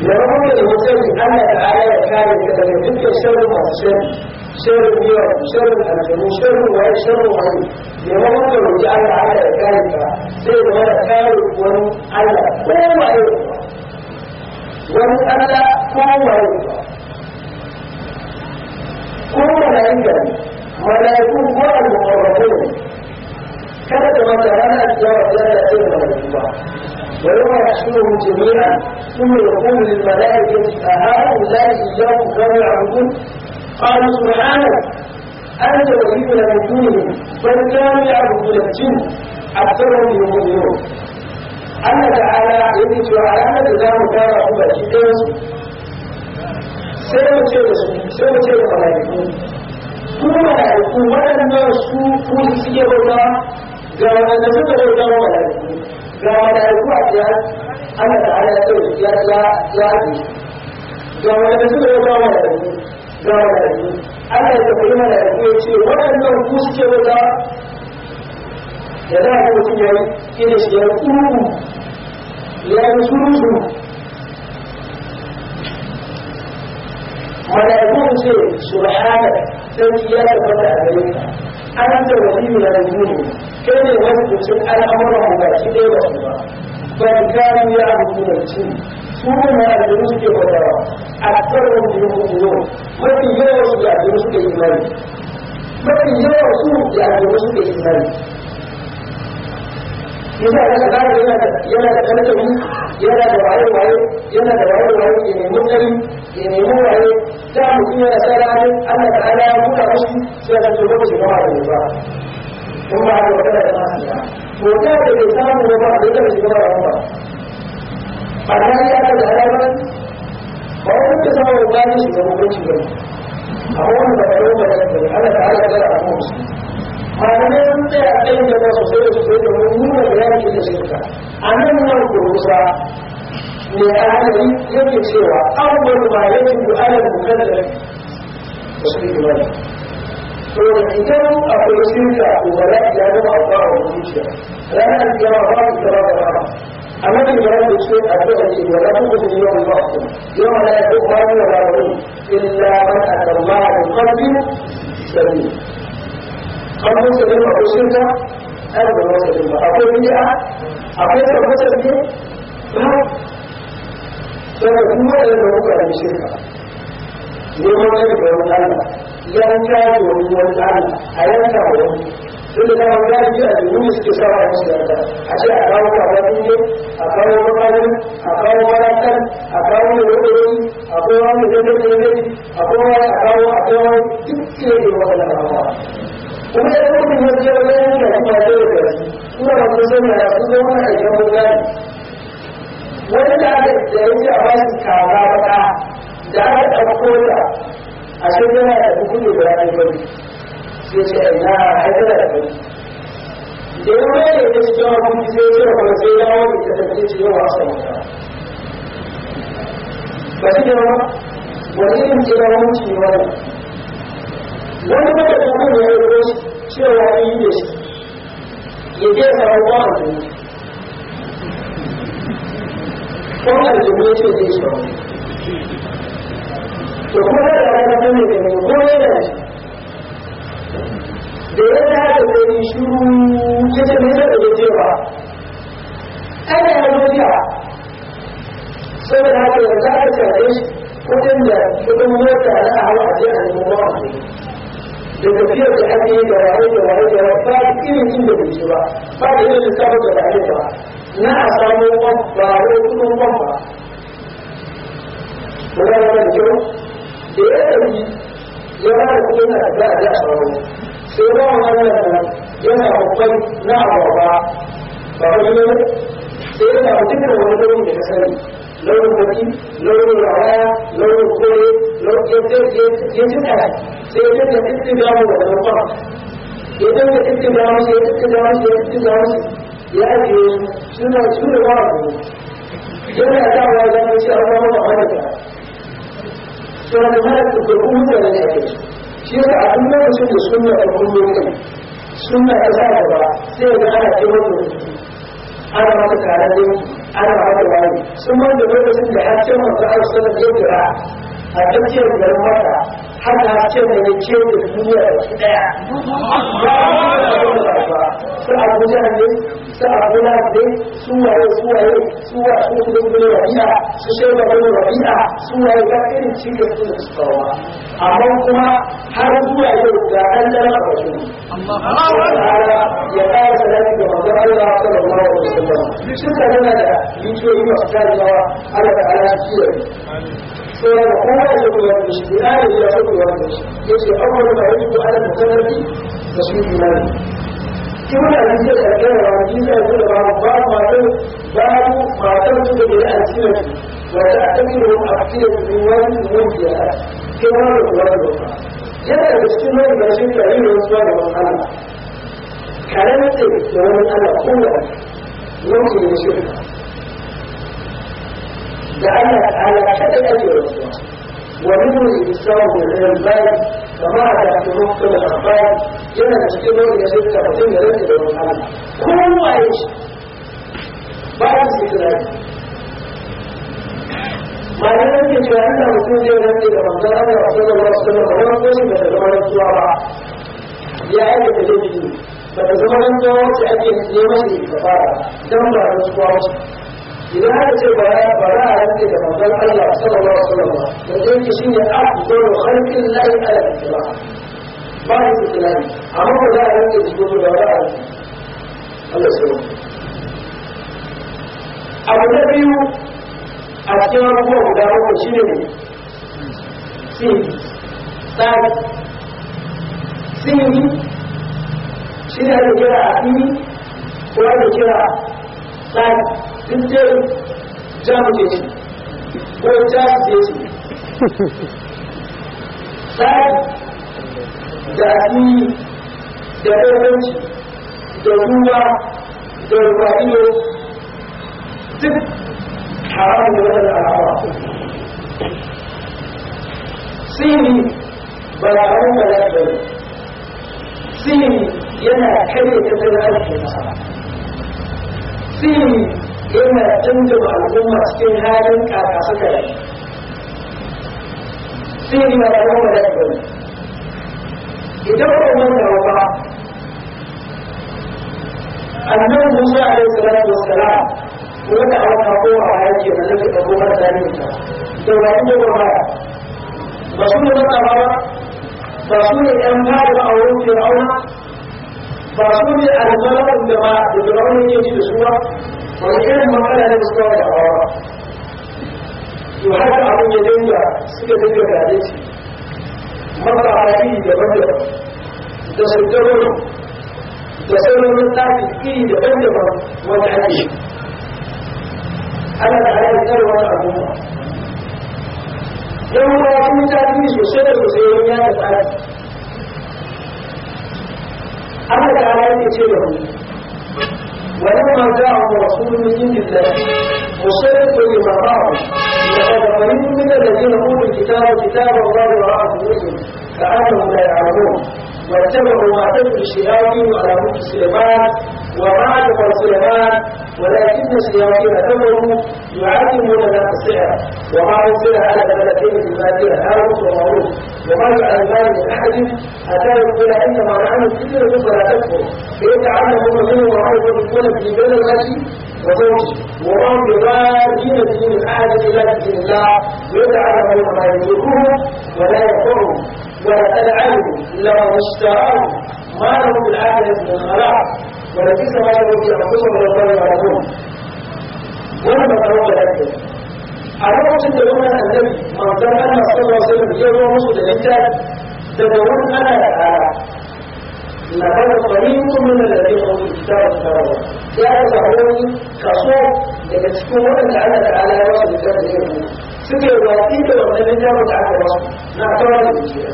da rahoton da mutum allah da ala ya kare ka daga dukkan sharri masu sharri sharrin yawa sharrin aljanu sharrin waye sharrin wani da rahoton da mutum allah ala ya kare ka sai da wani kare wani allah ko waye wani allah ko waye كن ملائكا ملائكون هم المقربون كما تمثلنا الجواب لا يأتيه ملائكة الله ويوم يحشرهم جميعا ثم يقول للملائكة أهؤلاء إياكم كانوا يعبدون قالوا سبحانك أنت ولينا من دونهم بل كانوا يعبدون الجن أكثرهم يؤمنون أن تعالى يجد على أن الإمام كان عقبة الشيطان sai mu ce da su sai mu ce da malaiku kuma malaiku waɗannan su su suke bauta ga wanda suka bauta wa malaiku ga malaiku a biyar Allah ta'ala ya ce ya ya ya ga wanda suka bauta wa malaiku ga malaiku Allah ya tafi malaiku ya ce waɗannan su suke bauta da za a ga mutum ya yi shi ya tsuru ya yi wanda ya gudu ce shubhana sai ya ta fada a gare ka an an tsara wani mai da gudu ke ne wani kucin al'amura mu ba shi ɗaya ba su ba ba su kayan ya abu kudanci su ne na aljihu suke fada ba a tsara wani mai da gudu mafi yawa su ya aljihu suke imani mafi yawa su ya aljihu suke imani. Misali, yana da kalitabi, yana da waye-waye yana da waye-waye ya nemi tsari ya nemi waye ta mutum yana sa ranar Allah ta ala ya buɗa mashi sai ya zanto lokaci gama da ba in ba haka wadana da masu ya to da da bai samu ba a zai gama shiga ba ba ba ta yi aka da ala ba ba wani da sama wa gani shiga hukunci ba ne a wani da ba yau ba Allah ta ala ya gara a kuma musulmi malamai sun tsaya a tsayin da ba su sai su sai da wani nuna bayani da shirka a nan nan gurusa ne a halari yake cewa abubuwan ba ya ci da ala mukaddar da su yi mana to da idan akwai shirka ko ba za ya zama a fara wa zuciya ranar kiyama ba su tara da rama النبي بيقول الشيء الذي ولا تؤمن اليوم الآخر يوم لا يكون مال ولا بنون إلا من أتى الله بقلب سليم ban musu zama ba kusur ta ai ba musu ne ba akwai bid'a akwai tabbata ne ba saboda kuma da da kuka da shirka neman kai da wani Allah yanka da wani wani Allah a yanka da wani tunda da wani gani ji a duniya suke sawa a musu yarda a ce a kawo kawo ne a kawo makarin a kawo marakan a kawo da wani a kawo wani da wani a kawo a kawo a kawo duk ke da wani kuma ya kuma kuma ce wani yanki a kuma zai da shi kuma da kuma sanya da su zama na ƙarshen mutane da aka ya ce a ba shi kaza baka da aka ɗauko ta a shi yana da da ranar bari sai ce ai na da bari da ya wani da ya ci jawa kuma sai ya kuma sai ya wani da ta ce yau a sama ta ba shi da wani irin ce da wani ce wani wani matakan da ya yi shi cewa yi da shi ya je sarauwa a duniya kuma da duniya ce zai shi wani kuma da ya yi duniya da mai goyi da shi da ya ta haka da yi shuru ya ce mai saka ya je ba ana yi duniya saboda haka yanzu aka tare shi kudin da kudin mota na hawa a jihar nemo a duniya da tafiyar da ake yi da waye da waye da waye ba da irin inda bai ce ba ba da irin lissafin da ba a ba na a samu kwan ba wai kudin kwan ba ko da wani kyau da ya ɗari ya ba da kudin da a ji a samu sai ba wani wannan ya samu kwan na abuwa ba ba wani ne sai ya samu dukkan wani da ka sani لون الحديد لون العراق لون الكويت لون يجدها سيجدها ست جامعة لو قرأت يجدها ست جامعة ست جامعة ست جامعة يعني سنة سنة واحدة جمع دعوة إلى إن شاء الله وعلمها سنة مالك تقوم على الأكل شيء عدم سنة سنة الأمور سنة أزالة سيجدها كمان أنا ما تتعلم ana haka wani sun wanda lokacin da har ce manzo Allah sallallahu alaihi kira a tsakiyar garin Makka har da ce mai ne ce da duniya da wasu daya su abu jihar ne su abu na ne su waye su waye su wa su kudin gudun rabi'a su shaida gudun rabi'a su waye ga irin cikin su da su kawo amma kuma har zuwa yau da an lama a wasu ya kara salati ga manzon Allah sallallahu alaihi wasallam duka yana da bidiyoyi masu tarewa Allah ta'ala shi da سورة الأولى هي قوة الرشد الآية هي قوة الرشد يجي أول ما يجب على المكلف تسمية مالي كما أنت الأكلام العزيزة يقول بعض الضعف معلوم بعض ما ترتب إلى ألسنة وتعتبرهم أكثر من وجه مبدئة كما يقول الله yana da cikin mai da shi da yin rantsuwa da matsala kare mutum da wani Allah ko da wani ne shirka لأن على شكل أي رسول ومنه يستوى الرجال فما تحكمه كل الأطفال جنا تشكله يجب تقديم رزق للمحمد كل عيش بعد ذكرى ما يمكن أن يكون مسلم جنة رمضان رسول الله صلى الله عليه وسلم فتزمن الصلاة يعد تجدد فتزمن الصلاة أجل يمشي كفارة دم بعد الصلاة idan aka ce ba ra a rantse da manzon Allah sallallahu alaihi wasallam da zai yi shi ne afdalu khalqin lahi ala ittiba ba ni tilani amma ba za a rantse da shi ba ra a rantse Allah sallallahu abu na biyu a cikin abubuwa guda uku shi ne sihiri tsari sihiri shi ne ake kira a ko ake kira tsari sun je jamus ya ce ko jamus ya ce tsari da asiri da rarraci da ruwa da ruwa iyo duk haramun da wadda al'awa sini ba haramun da lafiya sini yana kare tattalin arziki na sama sini yana ɗanjama al'umma cikin halin kakasa da rai sai ina da kuma da ya bari idan ba mun da ba annabi Musa alaihi salatu wassalam wanda aka ko a yake da nake da kuma da ni ta to ba ni da ba ba su ne ba ba ba su ne ɗan fara ba a wurin fir'auna ba su ne alzalar da ba da fir'auna yake da su ba wani irin magana da suka kawai da hawa to haka abin ya dinga suka dinga gane ci makarai daban-daban da sultanoni da sauran tafi iri daban-daban wanda ake shi ana da hanyar tsarwa a goma yan ruwa sun tafi sosai da sosai wani ya tsari ana da hanyar ce da mu ولما جاءهم رسول من عند الله مصدق لما معهم لقد قريب من الذين اوتوا الكتاب كتاب الله وراء ظهورهم كانهم لا يعلمون واتبعوا ما تتلو الشياطين على ملك سليمان وما كفر سليمان ولكن الشياطين كفروا يعلمون الناس السحر وما انزل على الملكين بما هاروت وماروت وما يعلمان من أحد حتى يقول أنت ما نعمل كثير منك ولا تكفر فيتعلمون منه وما يفرقون في بين المرء وزوجه وما هم بضارين به من أحد إلا بإذن الله ويتعلمون ما يملكه ولا يضره ولا تلعنه إلا من اشتراه ما له بالآخرة من خلاق ولبئس ما يرون في أنفسهم ولا يضر يعلمون ولا ما ترون ذلك a lokacin da wannan annabi manzon Allah sallallahu alaihi wasallam ya zo musu da littafi daga wurin ana da ala لقد قريت من الذين اوتوا الكتاب والتوراة يا زعوني كصوت daga cikin waɗanda Allah ta'ala ya wasu da da yau suke watsi da wannan littafin da aka wasu na tawa da jira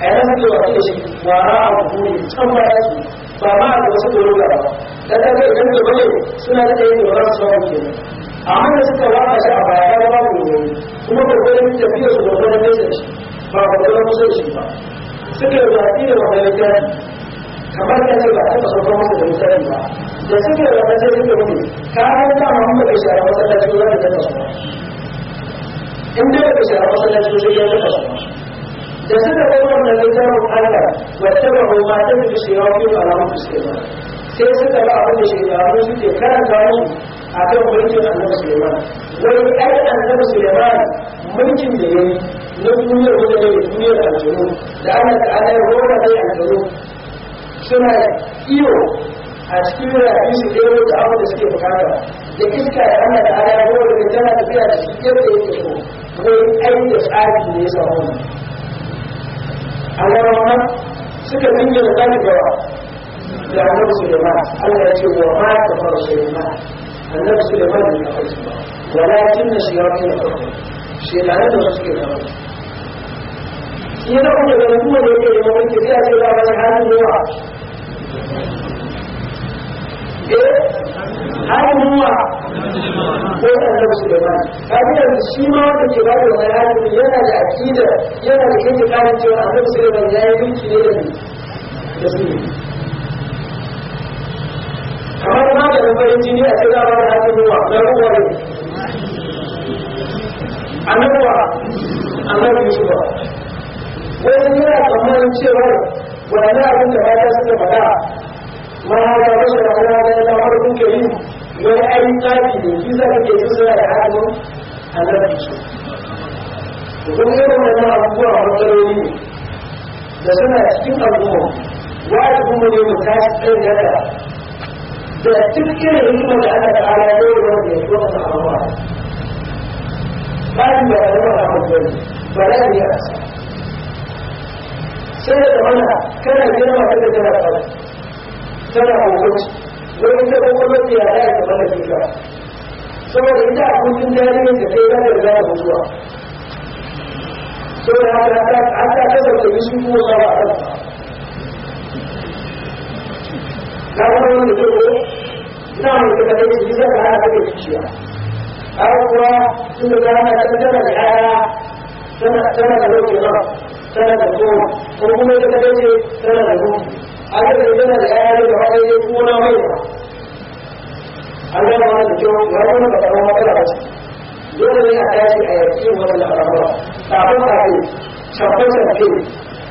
a yana suke watsi da shi wara a buɗe can baya su ba ma a wasu da ba da ta ga idan da bane suna da ɗaya da wani sauran kenan amma da suka waka shi a baya ya ba mu wani kuma gwagwarin tafiya su gwagwarin nesa shi ba gwagwarin kusa shi ba suka yi zafi da gwagwarin gani kamar ka ba a taɓa sauran masa da mutane ba da suka yi zafi sai suka mutu ka an ta mamu da shi a masallaci wani da ta sauwa in dai da shi a masallaci sai ya ta sauwa da suka kai wannan littafin Allah wacce ba mai matan da shi ya wuce alamun fuske ba sai suka ba abin da shi ya wuce suke karanta musu a kan mulkin annabi suleiman wani ai annabi suleiman mulkin da ya na duniyar wanda ya yi duniyar aljanu da ana da ana yi roba da aljanu suna iyo a cikin rafi su ɗaya wata abu da suke bukata da iska da ana da ana yi roba da tana tafiya da shi yadda yake so wani ai da tsari ne ya samu Allah rahama suka dingina zalibawa da annabi suleiman Allah ya ce wa ma ta faru suleiman annabi Sulaiman ne ya faɗi walakin na shayatin al-ardh shaytan da suke da shi da kuma da kuma da yake da mulki sai a ce da wani halin ruwa eh halin ruwa ko annabi Sulaiman kaji da shi ma wanda ke ba da wani halin yana da akida yana da kike karin cewa annabi Sulaiman ya yi mulki ne da da su kamar maganin farin jini a cikin zama da hakan ruwa na ruwa ne annabuwa annabi yusufa wani yana tsammanin cewar wani abin da mata suka faɗa mahaja wasu da kuma da yana farkon kari wani ayi tsafi ne shi za ka ke jin suna da hannun annabi yusufa kuma irin wannan abubuwa matsaloli ne da suna cikin al'umma wa'adin mu ne mu tashi tsayin da da duk irin hikimar da aka ta'ala ya yi wanda ya zuwa ta hawa bayan da ya zama kamar gani ba za ka yi a sai da zamana kana girma ta da tana kawai tana hukunci wani ta kwakwalwar da ya yi ta da ke kawai saboda ita a kuntun jaririn da ta yi ta da zama zuwa saboda haka ta kasance mishi kuma ba a kansa na kuma wanda ke ko na wani da kai shi zai fara da kai ciwa har kuwa tun da ana tantana da yaya tana tana da lokaci ba tana da goma ko kuma ita kai ce a ga da mai ba an ga wani da kyau ya wani da karamar matsala ba ce dole ne a tashi a yaki wani al'amura kafin kafin shafe-shafe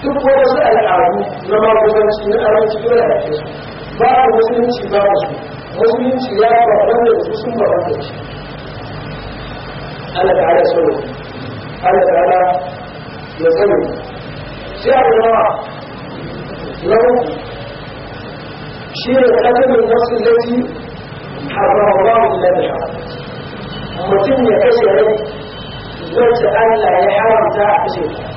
duk wani al'adu na magudanci na aranci dole a yake babu musulunci babu su musulunci ya ba wanda su sun babban da shi Allah ta'ala tsoro Allah ta'ala ya tsoro sai abu nawa na uku shi ne ƙarfin wasu laifi haramun lafiya mutum ya kashe rai wacce Allah ya haramta a kashe ta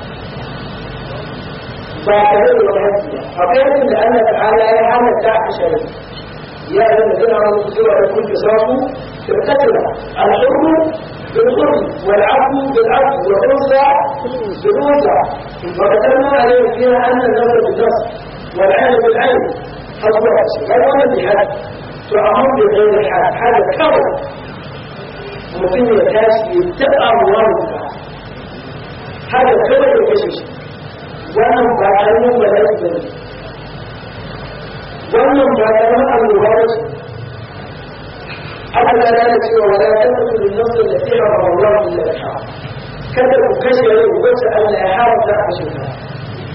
ظاهرين ومادية حقيقة لأن تعالى أنا بتاع شيء يا أيها الذين آمنوا كتبوا عليكم القصاص في القتلى الحر بالحر والعبد بالعبد والأنثى بالأنثى وكتبنا عليهم فيها أن النظر بالنصر والعين بالعين حسب رأسه غير ولا بهذا تعمر بغير الحال هذا كون ممكن يكاس يتبع الله هذا كون يكشف wannan ba ƙaramin bala'i ba ne wannan ba ƙaramin annoba ba ce Allah ya cewa wala taqtu min nafsin allati harama Allah illa biha kada ku kashe rai wacce Allah ya haramta a kashe ta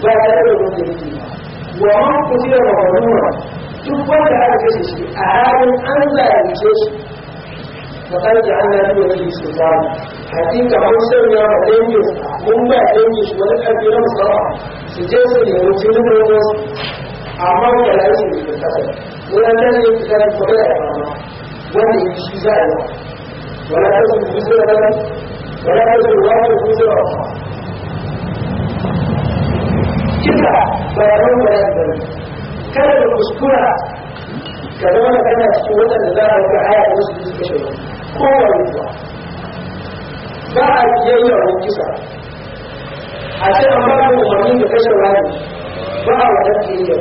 ba tare da wanda yake ba wa man kutila mazluma duk wanda aka kashe shi a halin an zalunce shi faqad ja'alna lahu waliyan sultana hakika mun sanya wa dangin mun ba dangin shi wani ƙarfi na musamman su je su nemi jini da wasu amma da lafi ne da kasa wani nan ne fitar da kwaɗa da mama wanda ya shi za a yi wani kasa da kusa da nan wani kasa da wani da kusa da kisa bayanan bayan da kada da kuskura ka zama kana cikin waɗanda za a ga aya da wasu da suka shi kowane kuwa za a biyayya wa kisa a ce an ba mu umarni da kashe wani ba a wannan biyayya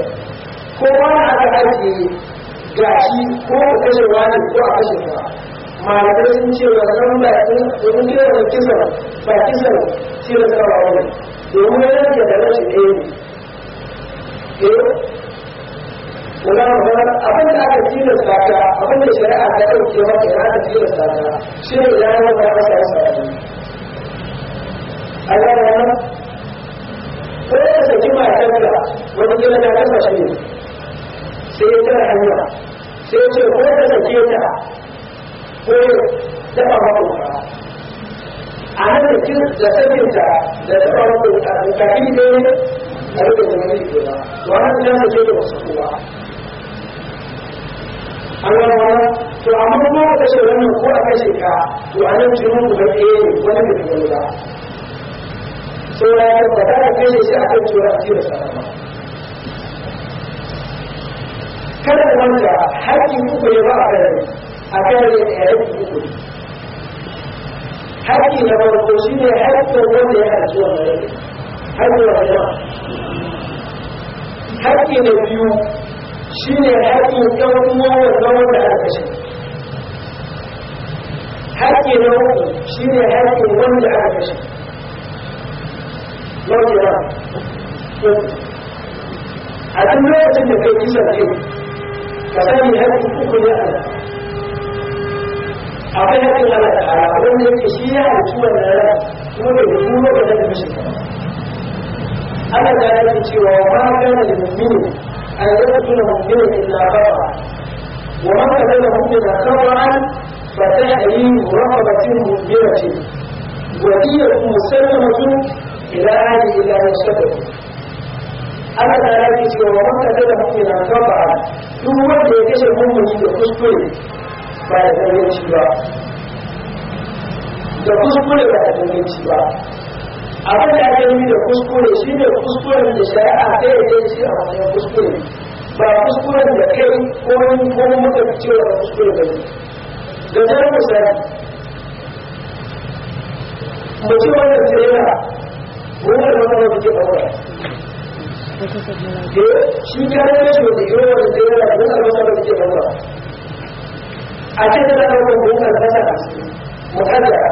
ko wani aka ajiye ga shi ko a kashe wani ko a kashe ka da sun ce wannan ba sun ce wa kisa ba kisa shi da sarrafa wani domin yana da rashin ɗaya ne eh, yana magana abin da aka tilasta ka abin da shari'a ta ɗauke maka yana aka tilasta ka shi ne ya yi masa yasa ne a yana yana da ya saki matar da wani gina na kasa shi sai ya tara hanya sai ya ce ko ya sake ta ko ya dafa makwabta a nan da kin da sakinta da dafa makwabta da kafin ne a rage da wani ke ba to da ya sake da wasu kowa an gano wannan to amma kuma ka kashe wannan ko a kashe ka to a nan jinin ku da ne wani da ɗaya ne ba ya yi ba za ka shi a kan cewa a tira kada da manta haƙƙin uku ba a kan a kan rai a yayin uku ne haƙƙi na farko shi ne haƙƙin wanda ya halarci wannan rai haƙƙin wanda ya haƙƙi na biyu shi ne haƙƙin ɗan uwa wanda wanda aka kashe haƙƙi na uku shi ne haƙƙin wanda aka kashe nauke na a duk lokacin da kai kisa biyu ka sani haƙƙin uku ne a akwai haƙƙin ala ta'ala wanda yake shi ya halittu wannan rana kuma bai da kuma ba da kashe ba Allah ta yi cewa ma kana da mummuni أن يدخلهم به إلا خطأ ومن أدخلهم إلا خطأ فتحريم رقبة مؤمنة ودية مسلمة إلى أهله إلا أن Allah ta rafi cewa wa wanda zai da mutum na kan duk wanda ya kashe mummuni da kuskure ba da zarganci ba da kuskure ba ba abin da ake yi da kuskure shi ne kuskuren da shari'a ta yadda shi a matsayin kuskure ba kuskuren da kai ko wani kuma muka fi cewa kuskure ba ne da zai misali mutum wanda ta yi na da wani da ke ɗaura shi ya rage shi da yi wani da yi da wani da ke ɗaura a ce da na ɗaukar bukar kasa mukaddara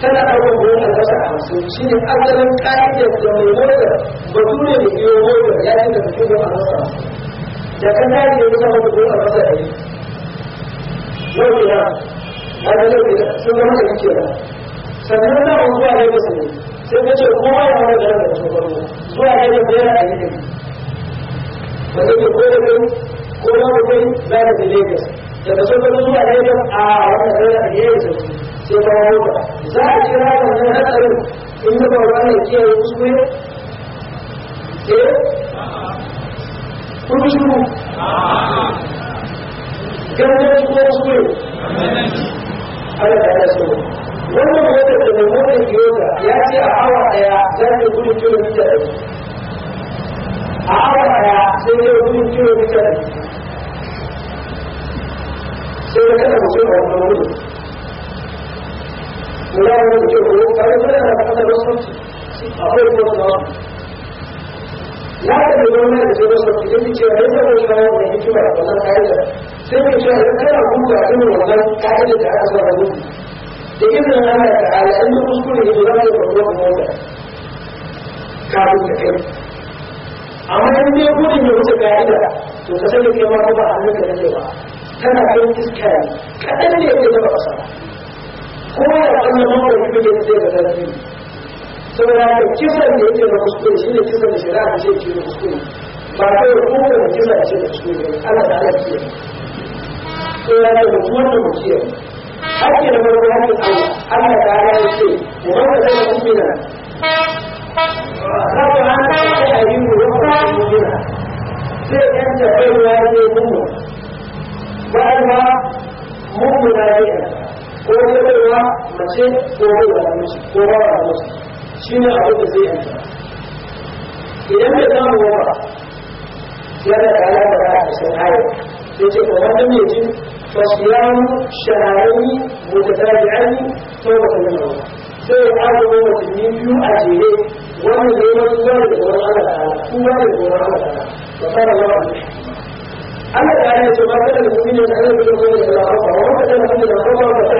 tana ɗaukar goma a wasa hamsin shi ne asalin ƙa'idar da mai motar ba dole da iyo motar ya ce da mutum goma da wasa da kan tari ne wasa mutum goma da wasa ɗari yau ne na a da sun zama da yake na sannan na wani zuwa ne sai ce kowa ya wani da wasa goma zuwa ne da bayan a yi ba zai ke ko da kai ko na mutum za ka je Lagos daga sun zuwa wata a wannan zai da ya yi sai ta wuta za a kira ka na hatsarin in yi ba wani kiyaye kuskure eh kuma shuru gangan kuma kuskure ana da so wannan motar da mai motar kiyota ya ce a awa daya za ta gudun kilomita ɗari a awa daya sai ta gudun kilomita ɗari sai ta kada mutum a wannan wurin ولا يرجعه فإذا فقد وصلت أقول والله لا تدرون إذا وصلت إذا جاهز والله من يجمع والله تعالى سيما جاهز أنا أقول أكمل والله تعالى تعالى ربنا بإذن الله تعالى أن نذكر هجرات الله مولا كانوا كثير أما أن يقول إنه سكايدا وتسلك يوم الله عنك نجوا كان عليك إسكان كأن يجب أن ko ya kalla mun da kuke ce da sarki saboda ka kisan da yake da kuskure shi ne kisan da shari'a ta ce ke da kuskure ba kai ko da kisan ce da kuskure ana da ala kiyaye ko ya ce mutum da mutum hakki da farko hakki Allah Allah ta ala ya ce mu ba da mu'mina Rabbul alamin ya ayyuhu wa mu'mina sai yanta bai ya ce mu ba alma mu'mina ya koyarwa mace koyarwa da mace koyarwa da mace shi ne abu da zai yanta idan bai samu ba yana da ala da ba a san hayo ya ce ko wanda mai jin fasiyamu shahararri mutatabi'ani tawbatan min Allah sai ya azo watanni biyu a jere wannan ne wani zuwa da gobe Allah ta'ala kuma da gobe Allah ta'ala wa kana Allah أما الآية ما كان المؤمن أن يبلغ من الأرض وما كان المؤمن أن يبلغ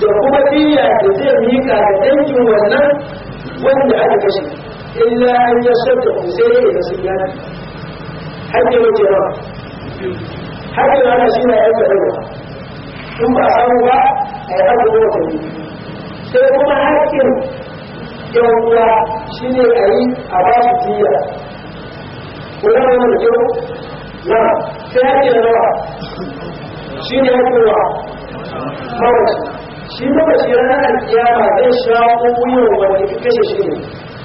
da kuma diya da zai mika da dangin wannan wanda aka kashe illa an ya sauka ku sai dai da sun yana hakkin wace ba hakkin wani shi na yanka daga in ba a ba a yi haka da wata sai kuma hakkin yan shi ne a yi a ba su diya kuma wani da kyau na sai hakkin rawa shi ne hakkin wa shi lokaci ranar alkiyama zai shaƙo wuyan wanda ya kashe shi ne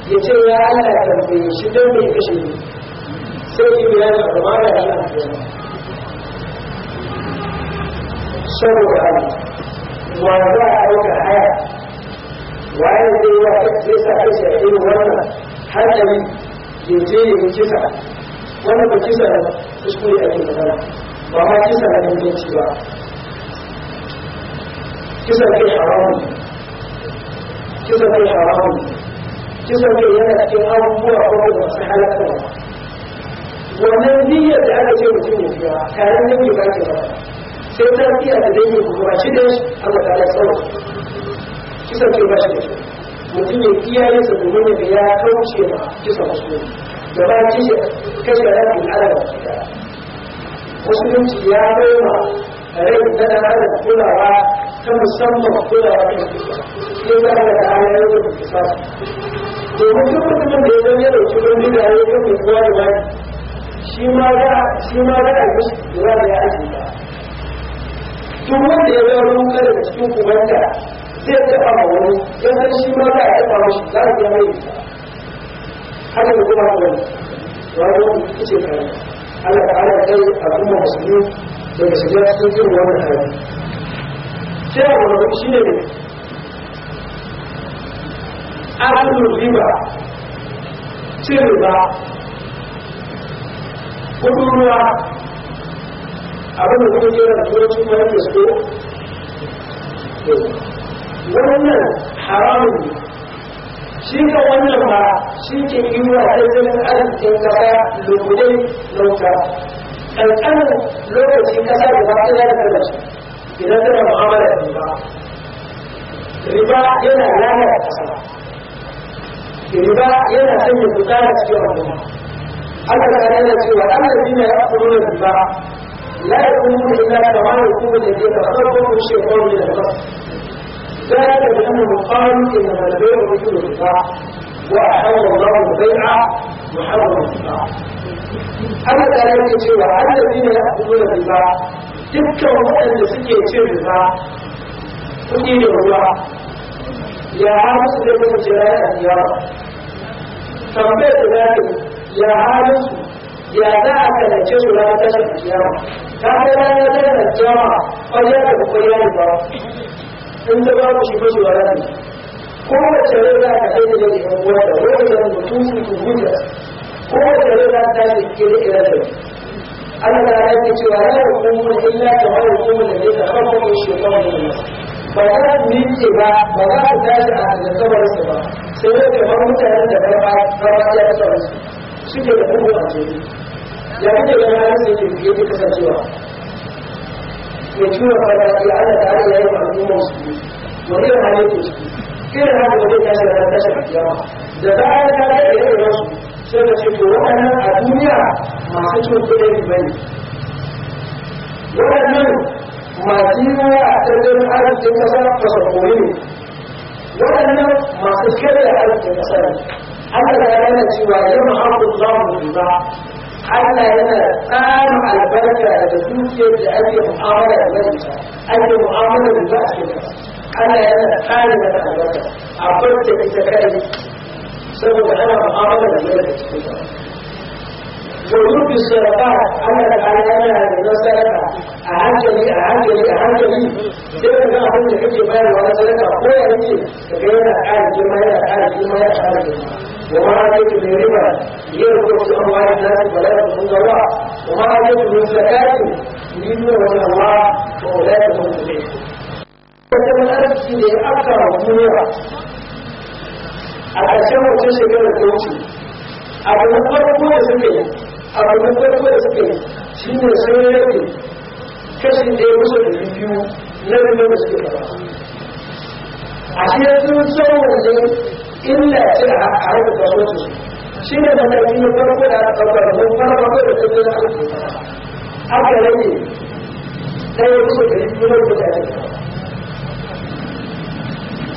ya ce ya Allah ya tambaye shi don mai kashe ne sai yi bayanin kamar da shi alkiyama saboda wa za a ɗauka haya wa ya zai wa zai sa kashe a irin wannan hankali ya je ya kisa wannan ba kisa da kuskure ake magana ba ma kisa na mutunci ba kisa kai haramun kisa kai haramun kisa kai yana cikin abubuwa wanda masu halakarwa wannan niyyar da aka ce mutum ya fiya kayan nan ke bace ba sai ta fiya da dai ku kuma shi da shi Allah ta tsawo kisa kai ba shi da shi mutum ya fiya ya sa domin da ya kauce ma kisa da ba kishi kashe rafin musulunci ya bai ma rai tana da kulawa ta musamman kulawa ta ke da da ayoyi da ke domin duk mutumin da ya zama ya dauki wani da ya yi kowa da wani shi ma za shi ma za a yi kura da ya aji ba duk wanda ya zama ruka daga cikin kumanta zai taɓa ma wani ya san shi ma za a taɓa mashi za a zama yi haka da kuma wani wani wani ce kare Allah ta'ala kai al'umma musulmi daga shiga ya sun jirin wannan hali sai a wani shi ne ahalin riba cin riba kudin ruwa abinda kuma jera da turanci kuma yake so wannan haramun ne shi ka wannan ba shi ke yi wa tattalin arzikin kasa lokudai lauta kankanin lokaci kasa da ba ta da talauci idan tana mu'amala da riba riba yana lalata kasa riba yana sanya gudana cikin al'umma Allah ta yana cewa an da dina ya fi nuna riba la ya kuma illa da ma ya kuma da ke da farkon shekaru da ba ذلك بأنه قالوا إنما البيع مثل الربا وأحل الله البيع وحرم الربا أما تعالى يقول أن الذين يأخذون الربا dukkan waɗanda suke cin riba kuɗi da ruwa ya halin su zai kasance ranar aliyara tambayar da za ta ya halin su ya za a kalace su ranar tashin aliyara ta kai ranar tashin aliyara ƙwarya da ƙwarya riba in ta ba ku shi ba shi wa ranar kowace rai za ta ɗaya da ɗan uwanta kowace rai mutum su hujja kowace rai ta da ke da irin Allah ta yake cewa la yaqumu illa kama yaqumu alladhi takhaffafu ash-shaytanu min an-nas ba za yi ninke ba ba za su tashi a hannasabar su ba sai dai kamar mutanen da ba ba ya tsaro su suke da bugu a jini ya kuke da ranar sai ke fiye da kasancewa ya tura fara ya ana tare da yi al'ummar su ne wani yana yake ciki كل هذا الذي كان لا تشعر الجراحة ده بقى كان إليه رسول سنة تقولون الدنيا ما تشوف إليه بني ولا منه ما تينا أعتذر حالة تنكسر فصفورين ولا منه ما تتكلم حالة تنكسر حتى لا يانا سوى يمحق الله الرضا حتى يانا قام على البركة لتوكيد لأي محاولة بالنسبة أي محاولة بالنسبة أنا أنا حالي ما تعبت عبرت أنا ما أعمل الملك وجود أنا أنا أنا أنا أنا أنا أعجلي أعجلي أعجلي زي ما أقول لك أنت مال ولا زلك أقول لك أنت غير حال جمايا حال جمايا وما عليك من ربا يرفض أموال الناس ولا يرفض الله وما عليك من زكاة من الله وأولادهم من زكاة tattalin arziki da ya afka wa duniya a ƙarshen wata shekarar ta wuce abu na farko da suka yi abu farko da suka shi ne sun rage kashin da ya wuce da biyu na rumen da suke fara a shi ya sun tsawon da illa ce a harkar kasuwanci shi ne da mataki na farko da aka ɗauka da mun fara farko da tattalin arziki aka rage ɗaya wuce da biyu na rumen da ake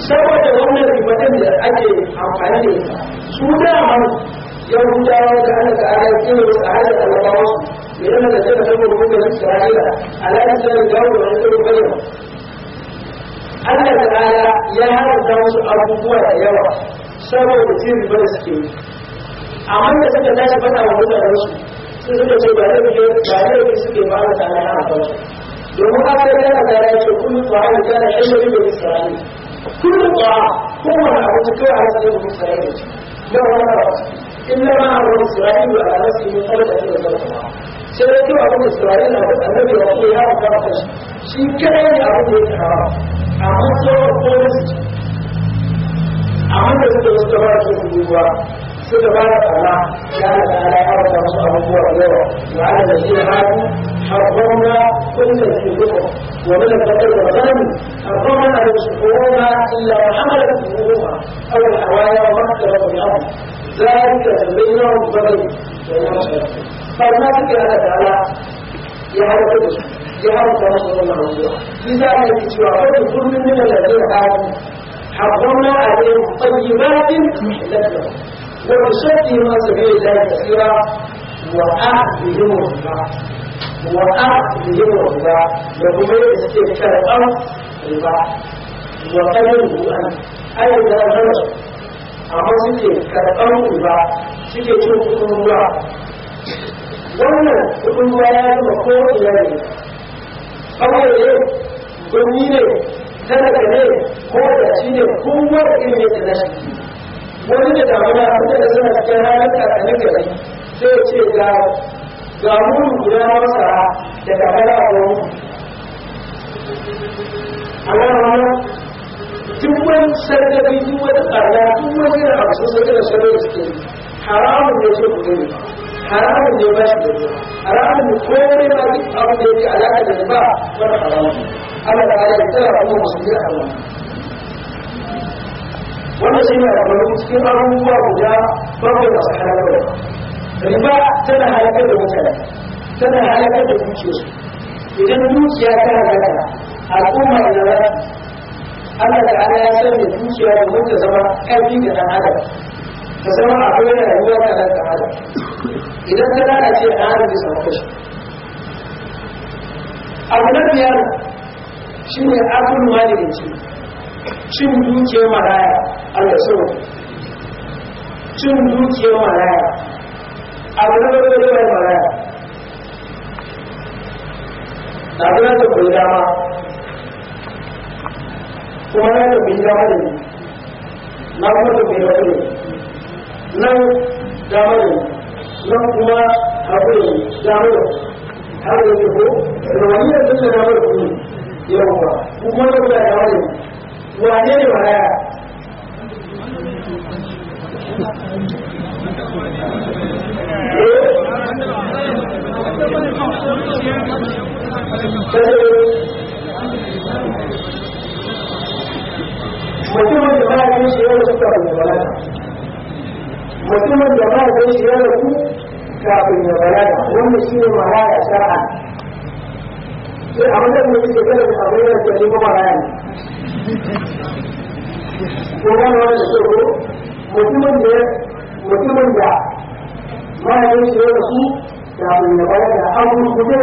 saboda wannan ribatan da ake amfani da ita su daman yahudawa da ana da ana cewa da hada da labawa su yana da cewa saboda mutum da isra'ila alaƙi da da wani tsoron bayan Allah ta'ala ya haramta wasu abubuwa da yawa saboda cin riba da suke yi amma da suka tashi faɗa wa mutanen su sun suka ce ba zai ba zai suke ba da ta'ala haramta su domin haka ya ta'ala ya ce kun fa'ala ta'ala shi ne da isra'ila كل الطعام هو ما ذكر على سبيل المستعين لا ولا رأس إنما هو إسرائيل على نفسه من قبل أن يزال الطعام سيكون أبو إسرائيل أبو النبي رسول الله فرقش شيكاين أبو الحرام أما سوى الطرس أما سوى الطرس أما سوى الطرس كل ما يفعلنا كان تعالى حرص نصر الرجوع اليوم وعلى الذين ماتوا حرمنا كل ذنوبهم ومن الفقير والغنم حرمنا ان الا وحملت ذنوبهما او الحوايا وما اختلط بهم ذلك بينهم بغي فما تكفي الله تعالى يا رب يا رب نصر الرجوع لذلك يتوافق كل من الذين ماتوا حرمنا عليهم طيبات لهم وبشدهم سبيل الله كثيرا وأعطيهم الربا وأعطيهم الربا لهم يستيقظ الأرض الربا وقلبه أن أيضا غلط amma suke karɓar ruwa suke cin kuɗin ruwa wannan kuɗin ruwa ya zama kowane yare kawai ne gumi ne talaka ne ko da shi ne kowane irin yadda na shi wani da damuna wanda da suna cikin ranar kakanin gari sai ce ga ga mulu guda masara da damuna a wani amma rana duk wani sargari duk wani tsada duk wani yana a cikin sargari sargari suke haramun ne ce kuɗi ne haramun ne ba shi da ruwa haramun ne komai duk abin da yake alaƙa da ba wani haramun Allah ta ala ya kuma musulmi a wani wannan shi ne abu cikin abubuwa guda bakwai masu halakarwa riba tana halakar da mutane tana halakar da dukiyarsu idan dukiya ta halaka al'umma da za Allah da ana ya san da dukiya da mutu zama ƙarfi ga ɗan adam ka zama akwai da rayuwa ta ɗan adam idan ta lalace ɗan adam zai samu kashi abu na biyar shi ne akulu malikin ciki cin dukiyar maraya Allah sau cin dukiyar maraya abu na maraya na dama kuma na dama na kuma dama dama dama kuma wane ne maraya mutumin da ba ya shi da ku kafin ya balaga wanda shi ne maraya shara'a sai a wajen da suke gada da abin da ke nemo maraya ne koran wani da tsoro mutumin da mutumin da mahaifin shi da su da abin da bayan da amuru kuɗe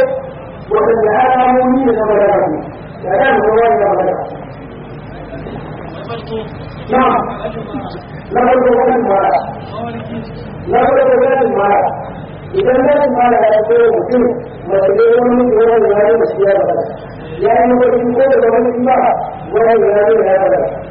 waɗanda alamomi da na magana su da ɗan da wani na magana na na farko wani mara na farko wani mara idan wani mara ya ce mutum mace ne wani mutum wani wani da shi ya magana ya yi mafarki ko da wani ba wani wani ya magana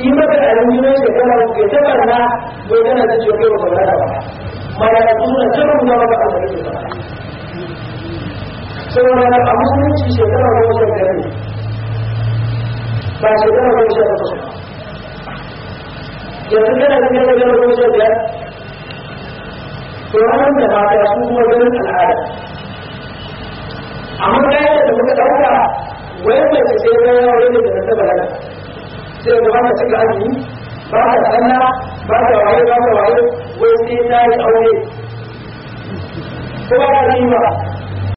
shi maka da alamu ne shekara uku ya taba na bai gana da cewa kai ba ba da ba malaka suna cewa mu ba ba da ke ba saboda na a musulunci shekara goma sha biyar ne ba shekara goma sha takwas yanzu kana da kai shekara goma sha to wannan da mata su kuma ganin al'ada amma kayan da muka ɗauka wai mace sai ta yawo da ta ta balaga sai ga ba ka cika azumi ba ka tsalla ba ka waye ba ka waye wai sai na yi aure ko ba ka yi ba